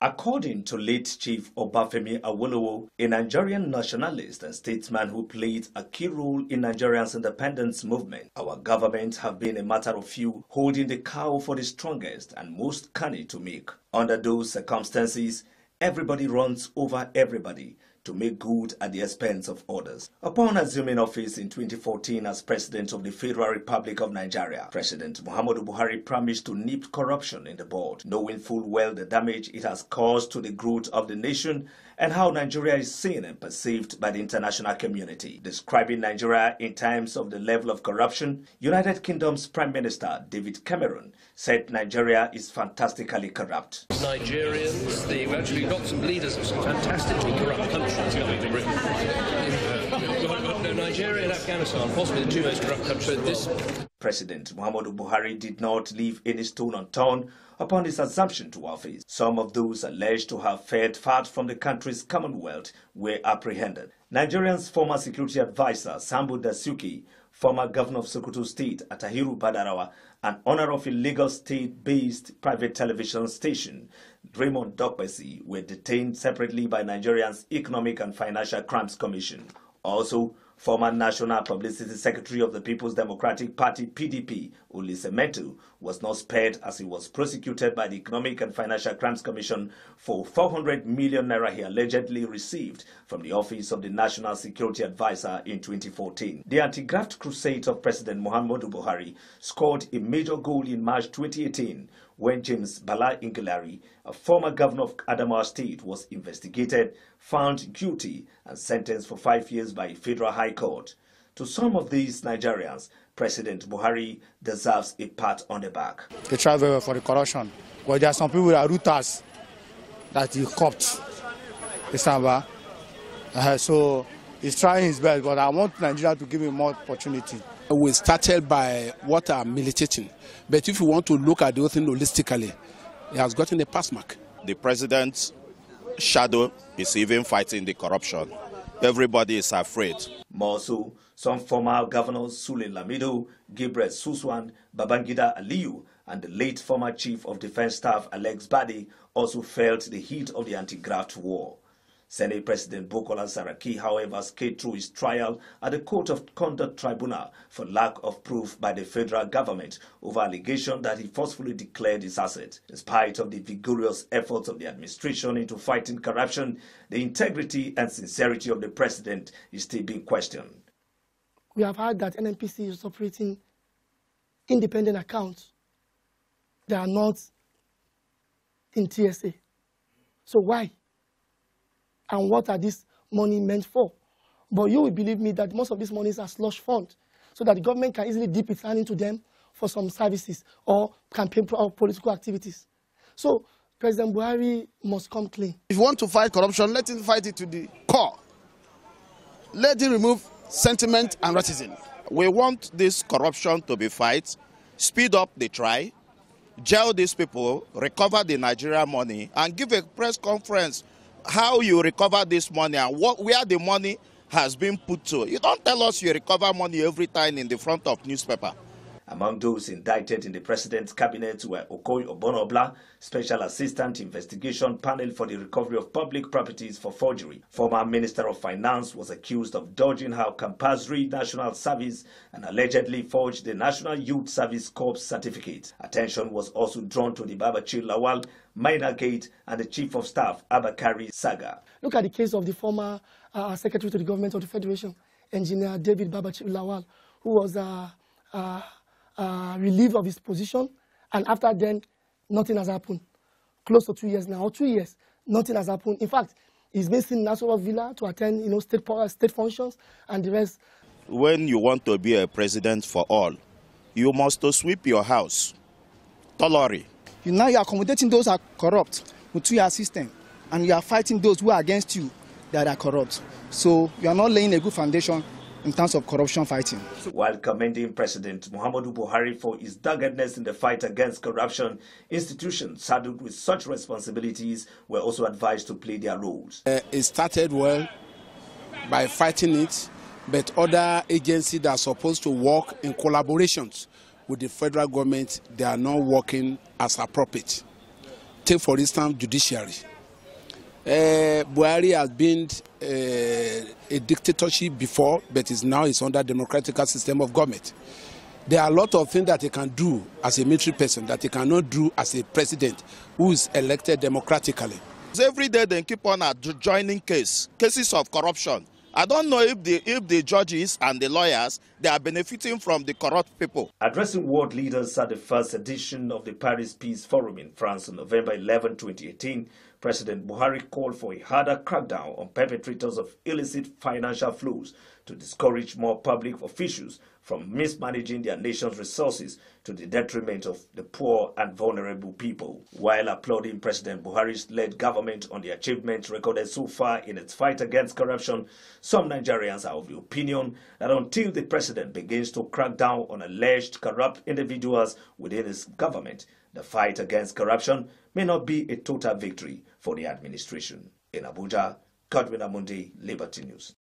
According to late Chief Obafemi Awolowo, a Nigerian nationalist and statesman who played a key role in Nigeria's independence movement, our government have been a matter of few holding the cow for the strongest and most cunning to make. Under those circumstances, everybody runs over everybody, to make good at the expense of others. Upon assuming office in 2014 as President of the Federal Republic of Nigeria, President Muhammadu Buhari promised to nip corruption in the board, knowing full well the damage it has caused to the growth of the nation and how Nigeria is seen and perceived by the international community. Describing Nigeria in terms of the level of corruption, United Kingdom's Prime Minister David Cameron said Nigeria is fantastically corrupt. Nigerians, they've actually got some leaders of some fantastically corrupt countries coming to Britain. Nigeria and Afghanistan, possibly the two most corrupt countries. This President Muhammadu Buhari did not leave any stone unturned upon his assumption to office. Some of those alleged to have fared far from the country's commonwealth were apprehended. Nigerian's former security advisor Sambu Dasuki, former governor of Sokoto State Atahiru Badarawa, and owner of a legal state-based private television station, Raymond Dokbesi, were detained separately by Nigeria's Economic and Financial Crimes Commission. Also, Former National Publicity Secretary of the People's Democratic Party, PDP, Ulisse Metu, was not spared as he was prosecuted by the Economic and Financial Crimes Commission for 400 million naira he allegedly received from the office of the National Security Advisor in 2014. The anti-graft crusade of President Muhammadu Buhari scored a major goal in March 2018 when James Bala Ingilari, a former governor of Adamawa State, was investigated, found guilty and sentenced for five years by a federal high Court. To some of these Nigerians, President Buhari deserves a pat on the back. They try very well for the corruption, but there are some people that are rooters that he copped. Uh, uh-huh, so he's trying his best, but I want Nigeria to give him more opportunity. We started by what are militating, but if you want to look at the whole thing holistically, he has gotten a pass mark. The president's shadow is even fighting the corruption. Everybody is afraid. More so, some former governors Sule Lamido, Gabriel Suswan, Babangida Aliyu, and the late former chief of defense staff Alex Badi also felt the heat of the anti-graft war. Senate President Bukola Saraki, however, skated through his trial at the Court of Conduct Tribunal for lack of proof by the federal government over allegation that he forcefully declared his assets. In spite of the vigorous efforts of the administration into fighting corruption, the integrity and sincerity of the president is still being questioned. We have heard that NNPC is operating independent accounts that are not in TSA. So why? and what are this money meant for. But you will believe me that most of these monies are slush fund, so that the government can easily dip its hand into them for some services or campaign or political activities. So President Buhari must come clean. If you want to fight corruption, let him fight it to the core. Let him remove sentiment and racism. We want this corruption to be fight, speed up the trial, jail these people, recover the Nigeria money, and give a press conference how you recover this money and what, where the money has been put to. You don't tell us you recover money every time in the front of newspaper. Among those indicted in the president's cabinet were Okoy Obonobla, Special Assistant Investigation Panel for the Recovery of Public Properties for Forgery. Former Minister of Finance was accused of dodging her compulsory national service and allegedly forged the National Youth Service Corps certificate. Attention was also drawn to the Babachir Lawal Minor Gate, and the Chief of Staff, Abakari Saga. Look at the case of the former uh, uh Secretary to the Government of the Federation, Engineer David Babachir Lawal, who was uh, uh, uh, relieved of his position, and after then, nothing has happened. Close to two years now, or two years, nothing has happened. In fact, he's been seen in Nassau Villa to attend you know, state, uh, state functions and the rest. When you want to be a president for all, you must sweep your house thoroughly You now you are accommodating those who are corrupt with your system, and you are fighting those who are against you that are corrupt. So you are not laying a good foundation in terms of corruption fighting. While commending President Muhammadu Buhari for his doggedness in the fight against corruption, institutions saddled with such responsibilities were also advised to play their roles. Uh, it started well by fighting it, but other agencies that are supposed to work in collaborations with the federal government they are not working as appropriate take for instance judiciary uh, buhari has been uh, a dictatorship before but is now is under democratic system of government there are a lot of things that he can do as a military person that he cannot do as a president who is elected democratically. every day they keep on adjoining case cases of corruption I don't know if the, if the judges and the lawyers, they are benefiting from the corrupt people. Addressing world leaders at the first edition of the Paris Peace Forum in France on November 11, 2018, President Buhari called for a harder crackdown on perpetrators of illicit financial flows to discourage more public officials from mismanaging their nation's resources to the detriment of the poor and vulnerable people. While applauding President Buhari's led government on the achievements recorded so far in its fight against corruption, some Nigerians are of the opinion that until the president begins to crack down on alleged corrupt individuals within his government, the fight against corruption may not be a total victory for the administration. In Abuja, Godwin Amundi, Liberty News.